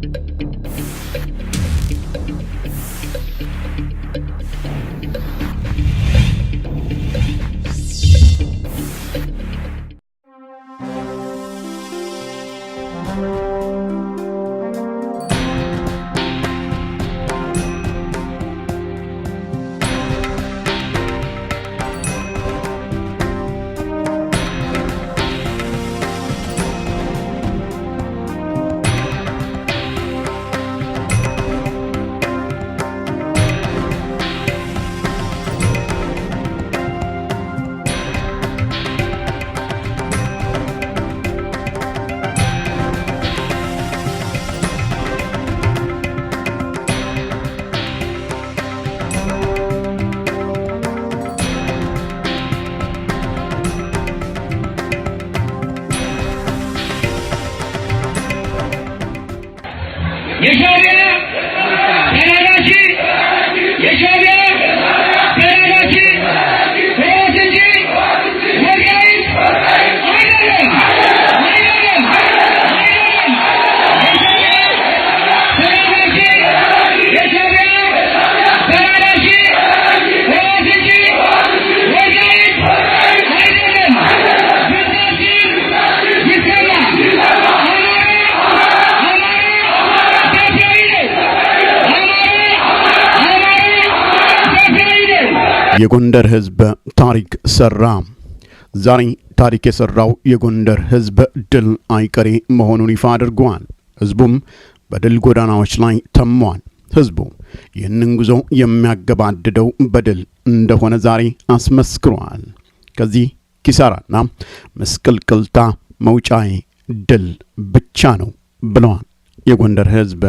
Thank you. You should የጎንደር ህዝብ ታሪክ ሰራ። ዛሬ ታሪክ የሰራው የጎንደር ህዝብ ድል አይቀሬ መሆኑን ይፋ አድርጓል። ህዝቡም በድል ጎዳናዎች ላይ ተሟል። ህዝቡ ይህንን ጉዞ የሚያገባድደው በድል እንደሆነ ዛሬ አስመስክሯል። ከዚህ ኪሳራና ምስቅልቅልታ መውጫዬ ድል ብቻ ነው ብለዋል የጎንደር ህዝብ።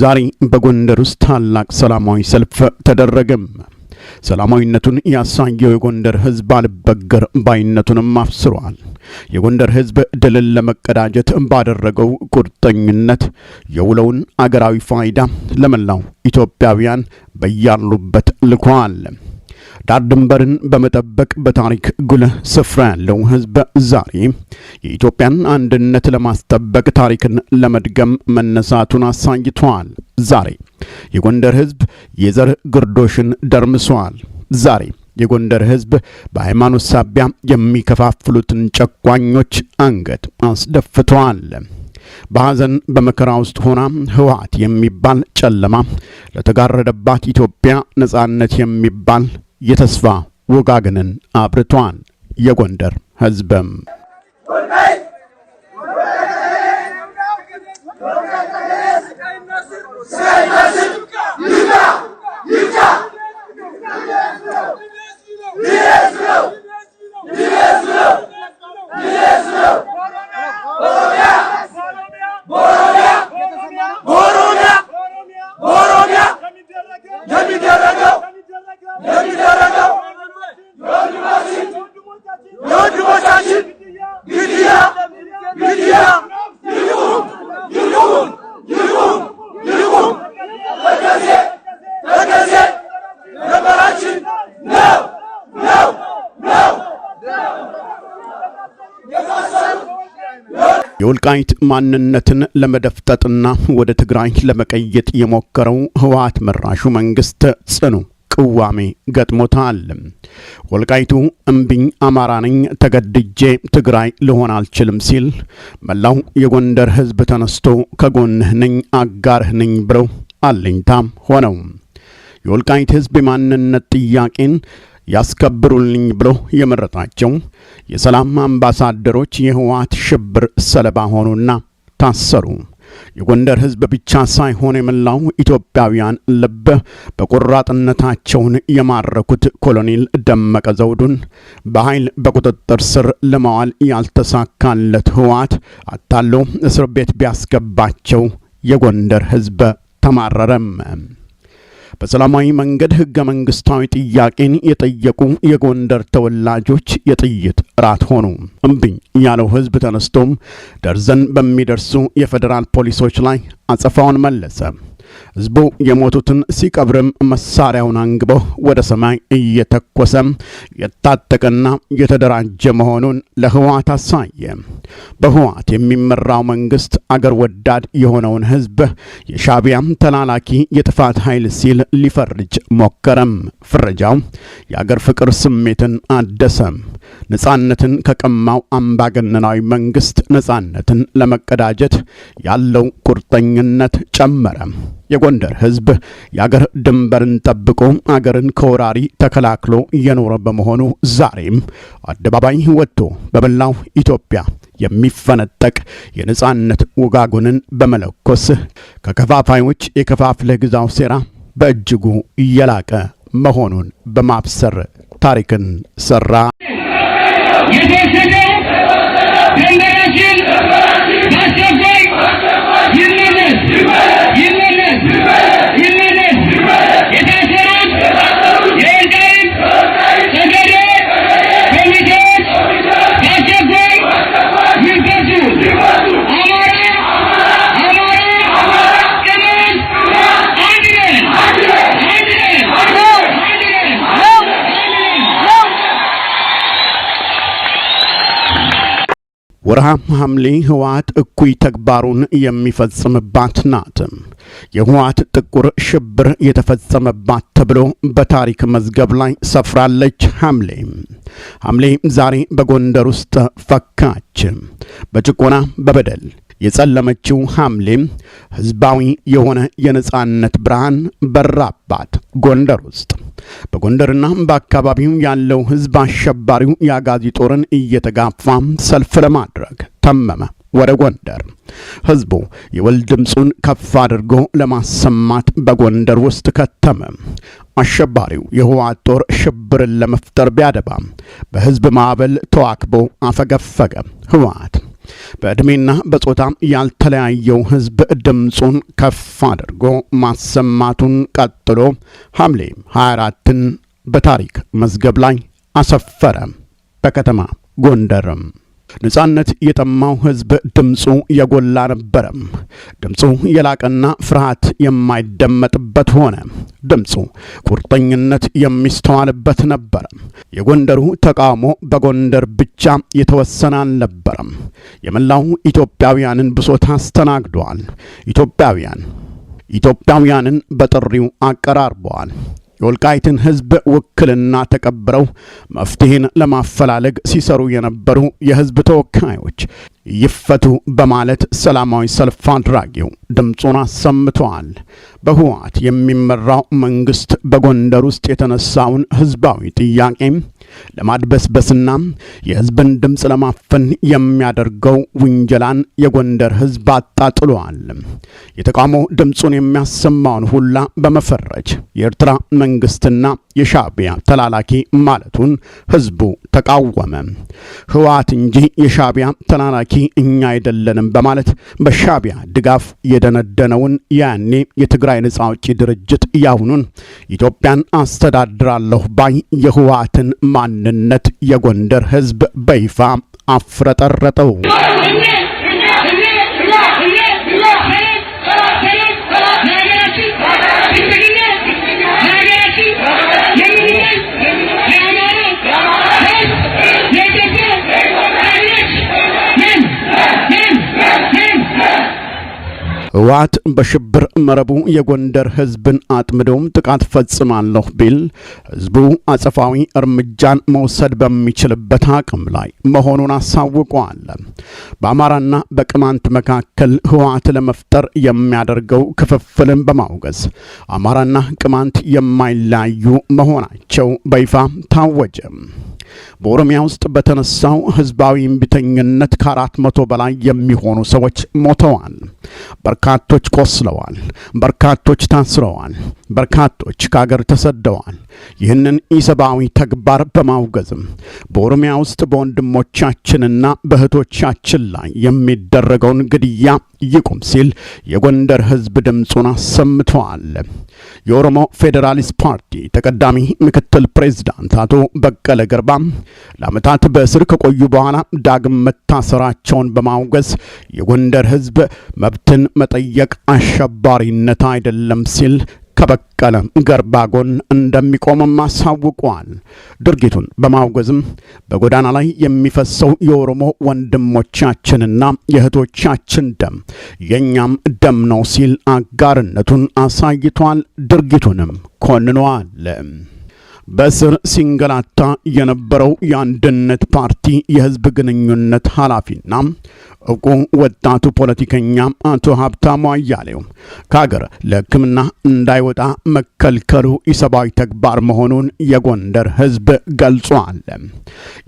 ዛሬ በጎንደር ውስጥ ታላቅ ሰላማዊ ሰልፍ ተደረገም። ሰላማዊነቱን ያሳየው የጎንደር ሕዝብ አልበገር ባይነቱንም አፍስሯል። የጎንደር ሕዝብ ድልን ለመቀዳጀት ባደረገው ቁርጠኝነት የውለውን አገራዊ ፋይዳ ለመላው ኢትዮጵያውያን በያሉበት ልኳል። ዳር ድንበርን በመጠበቅ በታሪክ ጉልህ ስፍራ ያለው ህዝብ ዛሬ የኢትዮጵያን አንድነት ለማስጠበቅ ታሪክን ለመድገም መነሳቱን አሳይተዋል። ዛሬ የጎንደር ህዝብ የዘር ግርዶሽን ደርምሰዋል። ዛሬ የጎንደር ህዝብ በሃይማኖት ሳቢያ የሚከፋፍሉትን ጨቋኞች አንገት አስደፍተዋል። በሐዘን በመከራ ውስጥ ሆና ህወሓት የሚባል ጨለማ ለተጋረደባት ኢትዮጵያ ነጻነት የሚባል የተስፋ ወጋግንን አብርቷን የጎንደር ሕዝብም Yes, no! የወልቃይት ማንነትን ለመደፍጠጥና ወደ ትግራይ ለመቀየጥ የሞከረው ህወሓት መራሹ መንግስት ጽኑ ቅዋሜ ገጥሞታል። ወልቃይቱ እምቢኝ አማራ ነኝ ተገድጄ ትግራይ ልሆን አልችልም ሲል መላው የጎንደር ህዝብ ተነስቶ ከጎንህ ነኝ አጋርህ ነኝ ብለው አለኝታም ሆነው የወልቃይት ህዝብ የማንነት ጥያቄን ያስከብሩልኝ ብሎ የመረጣቸው የሰላም አምባሳደሮች የህወሓት ሽብር ሰለባ ሆኑና ታሰሩ። የጎንደር ህዝብ ብቻ ሳይሆን የመላው ኢትዮጵያውያን ልብ በቆራጥነታቸውን የማረኩት ኮሎኔል ደመቀ ዘውዱን በኃይል በቁጥጥር ስር ለማዋል ያልተሳካለት ህወሓት አታሎ እስር ቤት ቢያስገባቸው የጎንደር ህዝብ ተማረረም። በሰላማዊ መንገድ ህገ መንግስታዊ ጥያቄን የጠየቁ የጎንደር ተወላጆች የጥይት እራት ሆኑ። እምቢኝ ያለው ህዝብ ተነስቶም ደርዘን በሚደርሱ የፌዴራል ፖሊሶች ላይ አጸፋውን መለሰ። ህዝቡ የሞቱትን ሲቀብርም መሳሪያውን አንግቦ ወደ ሰማይ እየተኮሰ የታጠቀና የተደራጀ መሆኑን ለህወሓት አሳየ። በህወሓት የሚመራው መንግስት አገር ወዳድ የሆነውን ህዝብ የሻቢያም ተላላኪ የጥፋት ኃይል ሲል ሊፈርጅ ሞከረም። ፍረጃው የአገር ፍቅር ስሜትን አደሰም። ነፃነትን ከቀማው አምባገነናዊ መንግስት ነፃነትን ለመቀዳጀት ያለው ቁርጠኝነት ጨመረ። የጎንደር ህዝብ የአገር ድንበርን ጠብቆ አገርን ከወራሪ ተከላክሎ እየኖረ በመሆኑ ዛሬም አደባባይ ወጥቶ በመላው ኢትዮጵያ የሚፈነጠቅ የነጻነት ውጋጉንን በመለኮስ ከከፋፋዮች የከፋፍለ ግዛው ሴራ በእጅጉ እየላቀ መሆኑን በማብሰር ታሪክን ሰራ። ወርሃም ሐምሌ ህወሓት እኩይ ተግባሩን የሚፈጽምባት ናት። የህወሓት ጥቁር ሽብር የተፈጸመባት ተብሎ በታሪክ መዝገብ ላይ ሰፍራለች። ሐምሌ ሐምሌ ዛሬ በጎንደር ውስጥ ፈካች። በጭቆና በበደል የጸለመችው ሐምሌም ህዝባዊ የሆነ የነጻነት ብርሃን በራባት ጎንደር ውስጥ። በጎንደርና በአካባቢው ያለው ህዝብ አሸባሪው የአጋዚ ጦርን እየተጋፋ ሰልፍ ለማድረግ ተመመ ወደ ጎንደር። ህዝቡ የወል ድምፁን ከፍ አድርጎ ለማሰማት በጎንደር ውስጥ ከተመ። አሸባሪው የህወሓት ጦር ሽብርን ለመፍጠር ቢያደባም በህዝብ ማዕበል ተዋክቦ አፈገፈገ ህወሓት በዕድሜና በጾታ ያልተለያየው ህዝብ ድምፁን ከፍ አድርጎ ማሰማቱን ቀጥሎ ሐምሌ 24ን በታሪክ መዝገብ ላይ አሰፈረ። በከተማ ጎንደርም ነጻነት የጠማው ህዝብ ድምፁ የጎላ ነበረም። ድምፁ የላቀና ፍርሃት የማይደመጥበት ሆነ። ድምፁ ቁርጠኝነት የሚስተዋልበት ነበረ። የጎንደሩ ተቃውሞ በጎንደር ብቻ የተወሰነ አልነበረም። የመላው ኢትዮጵያውያንን ብሶት አስተናግደዋል። ኢትዮጵያውያን ኢትዮጵያውያንን በጥሪው አቀራርበዋል። የወልቃይትን ሕዝብ ውክልና ተቀብረው መፍትሄን ለማፈላለግ ሲሰሩ የነበሩ የሕዝብ ተወካዮች ይፈቱ በማለት ሰላማዊ ሰልፍ አድራጊው ድምፁን አሰምተዋል። በህወሓት የሚመራው መንግስት በጎንደር ውስጥ የተነሳውን ህዝባዊ ጥያቄ ለማድበስበስና የህዝብን ድምፅ ለማፈን የሚያደርገው ውንጀላን የጎንደር ህዝብ አጣጥሏል። የተቃውሞ ድምፁን የሚያሰማውን ሁላ በመፈረጅ የኤርትራ መንግስትና የሻቢያ ተላላኪ ማለቱን ህዝቡ ተቃወመ። ህወሓት እንጂ የሻቢያ ተላላኪ እኛ አይደለንም በማለት በሻቢያ ድጋፍ የደነደነውን ያኔ የትግራይ ነጻ አውጪ ድርጅት ያሁኑን ኢትዮጵያን አስተዳድራለሁ ባይ የህወሓትን ማንነት የጎንደር ህዝብ በይፋ አፍረጠረጠው። ህወሓት በሽብር መረቡ የጎንደር ህዝብን አጥምደውም ጥቃት ፈጽማለሁ ቢል ህዝቡ አጸፋዊ እርምጃን መውሰድ በሚችልበት አቅም ላይ መሆኑን አሳውቀዋል። በአማራና በቅማንት መካከል ህወሓት ለመፍጠር የሚያደርገው ክፍፍልን በማውገዝ አማራና ቅማንት የማይለያዩ መሆናቸው በይፋ ታወጀ። በኦሮሚያ ውስጥ በተነሳው ህዝባዊ እምቢተኝነት ከአራት መቶ በላይ የሚሆኑ ሰዎች ሞተዋል። በርካታ በርካቶች ቆስለዋል፣ በርካቶች ታስረዋል፣ በርካቶች ከአገር ተሰደዋል። ይህንን ኢሰብአዊ ተግባር በማውገዝም በኦሮሚያ ውስጥ በወንድሞቻችንና በእህቶቻችን ላይ የሚደረገውን ግድያ ይቁም ሲል የጎንደር ህዝብ ድምፁን አሰምተዋል። የኦሮሞ ፌዴራሊስት ፓርቲ ተቀዳሚ ምክትል ፕሬዝዳንት አቶ በቀለ ገርባ ለዓመታት በእስር ከቆዩ በኋላ ዳግም መታሰራቸውን በማውገዝ የጎንደር ህዝብ መብትን መጠየቅ አሸባሪነት አይደለም ሲል ከበቀለ ገርባ ጎን እንደሚቆምም አሳውቋል። ድርጊቱን በማውገዝም በጎዳና ላይ የሚፈሰው የኦሮሞ ወንድሞቻችንና የእህቶቻችን ደም የእኛም ደም ነው ሲል አጋርነቱን አሳይቷል። ድርጊቱንም ኮንኗል። በስር ሲንገላታ የነበረው የአንድነት ፓርቲ የህዝብ ግንኙነት ኃላፊና እውቁ ወጣቱ ፖለቲከኛ አቶ ሀብታሙ አያሌው ከሀገር ለሕክምና እንዳይወጣ መከልከሉ ኢሰብአዊ ተግባር መሆኑን የጎንደር ህዝብ ገልጾ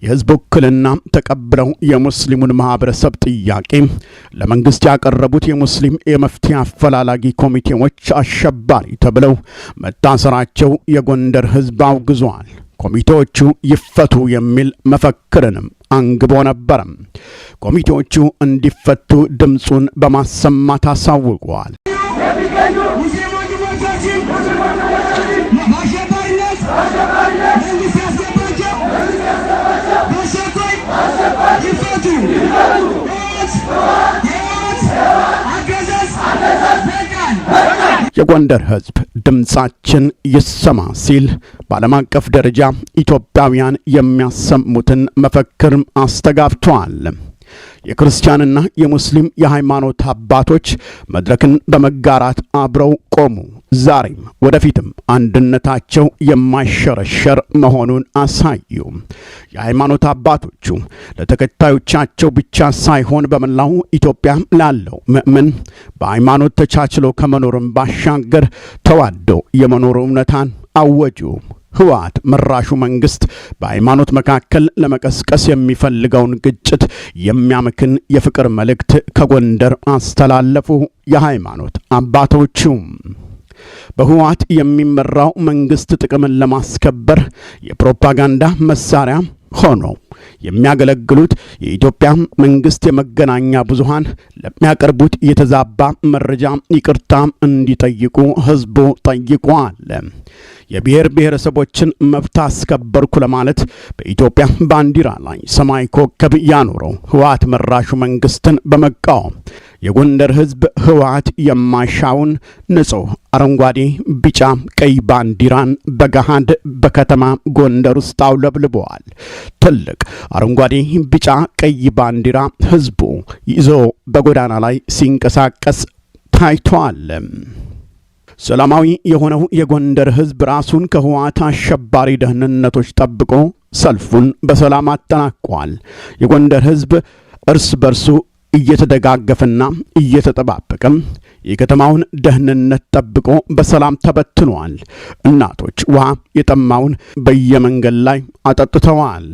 የህዝብ ውክልና ተቀብለው የሙስሊሙን ማህበረሰብ ጥያቄ ለመንግስት ያቀረቡት የሙስሊም የመፍትሄ አፈላላጊ ኮሚቴዎች አሸባሪ ተብለው መታሰራቸው የጎንደር ህዝብ አውግዟል። ኮሚቴዎቹ ይፈቱ የሚል መፈክርንም አንግቦ ነበረም። ኮሚቴዎቹ እንዲፈቱ ድምፁን በማሰማት አሳውቋል። ሙስሊሞች የጎንደር ህዝብ ድምፃችን ይሰማ ሲል በዓለም አቀፍ ደረጃ ኢትዮጵያውያን የሚያሰሙትን መፈክር አስተጋብቷል የክርስቲያንና የሙስሊም የሃይማኖት አባቶች መድረክን በመጋራት አብረው ቆሙ። ዛሬም ወደፊትም አንድነታቸው የማይሸረሸር መሆኑን አሳዩ። የሃይማኖት አባቶቹ ለተከታዮቻቸው ብቻ ሳይሆን በመላው ኢትዮጵያ ላለው ምእምን በሃይማኖት ተቻችሎ ከመኖርም ባሻገር ተዋዶ የመኖር እውነታን አወጁ። ህወሓት መራሹ መንግስት በሃይማኖት መካከል ለመቀስቀስ የሚፈልገውን ግጭት የሚያምክን የፍቅር መልእክት ከጎንደር አስተላለፉ የሃይማኖት አባቶቹ። በህወሓት የሚመራው መንግስት ጥቅምን ለማስከበር የፕሮፓጋንዳ መሳሪያ ሆኖ የሚያገለግሉት የኢትዮጵያ መንግስት የመገናኛ ብዙሃን ለሚያቀርቡት የተዛባ መረጃ ይቅርታ እንዲጠይቁ ህዝቡ ጠይቋል። የብሔር ብሔረሰቦችን መብት አስከበርኩ ለማለት በኢትዮጵያ ባንዲራ ላይ ሰማይ ኮከብ ያኖረው ህወሓት መራሹ መንግስትን በመቃወም የጎንደር ህዝብ ህወሓት የማይሻውን ንጹህ አረንጓዴ፣ ቢጫ፣ ቀይ ባንዲራን በገሃድ በከተማ ጎንደር ውስጥ አውለብልበዋል። ትልቅ አረንጓዴ፣ ቢጫ፣ ቀይ ባንዲራ ህዝቡ ይዞ በጎዳና ላይ ሲንቀሳቀስ ታይቷል። ሰላማዊ የሆነው የጎንደር ሕዝብ ራሱን ከህወሓት አሸባሪ ደህንነቶች ጠብቆ ሰልፉን በሰላም አጠናቋል። የጎንደር ሕዝብ እርስ በርሱ እየተደጋገፈና እየተጠባበቀም የከተማውን ደህንነት ጠብቆ በሰላም ተበትኗል። እናቶች ውሃ የጠማውን በየመንገድ ላይ አጠጥተዋል።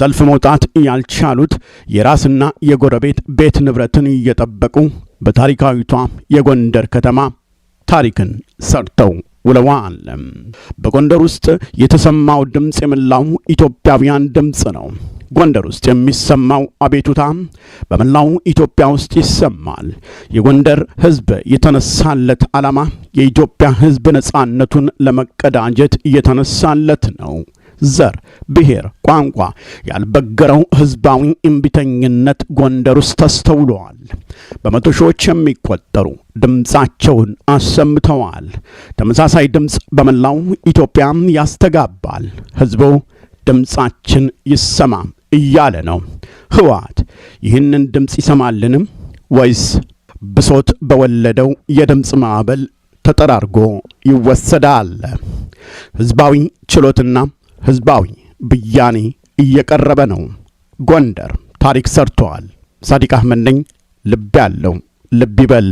ሰልፍ መውጣት ያልቻሉት የራስና የጎረቤት ቤት ንብረትን እየጠበቁ በታሪካዊቷ የጎንደር ከተማ ታሪክን ሰርተው ውለዋል። በጎንደር ውስጥ የተሰማው ድምፅ የመላው ኢትዮጵያውያን ድምፅ ነው። ጎንደር ውስጥ የሚሰማው አቤቱታ በመላው ኢትዮጵያ ውስጥ ይሰማል። የጎንደር ሕዝብ የተነሳለት ዓላማ የኢትዮጵያ ሕዝብ ነፃነቱን ለመቀዳጀት እየተነሳለት ነው። ዘር፣ ብሔር፣ ቋንቋ ያልበገረው ህዝባዊ እምቢተኝነት ጎንደር ውስጥ ተስተውሏል። በመቶ ሺዎች የሚቆጠሩ ድምፃቸውን አሰምተዋል። ተመሳሳይ ድምፅ በመላው ኢትዮጵያ ያስተጋባል። ህዝቡ ድምፃችን ይሰማ እያለ ነው። ህወሓት ይህንን ድምፅ ይሰማልንም ወይስ ብሶት በወለደው የድምፅ ማዕበል ተጠራርጎ ይወሰዳል? ህዝባዊ ችሎትና ህዝባዊ ብያኔ እየቀረበ ነው። ጎንደር ታሪክ ሰርተዋል። ሳዲቅ አህመድ ነኝ። ልብ ያለው ልብ ይበል።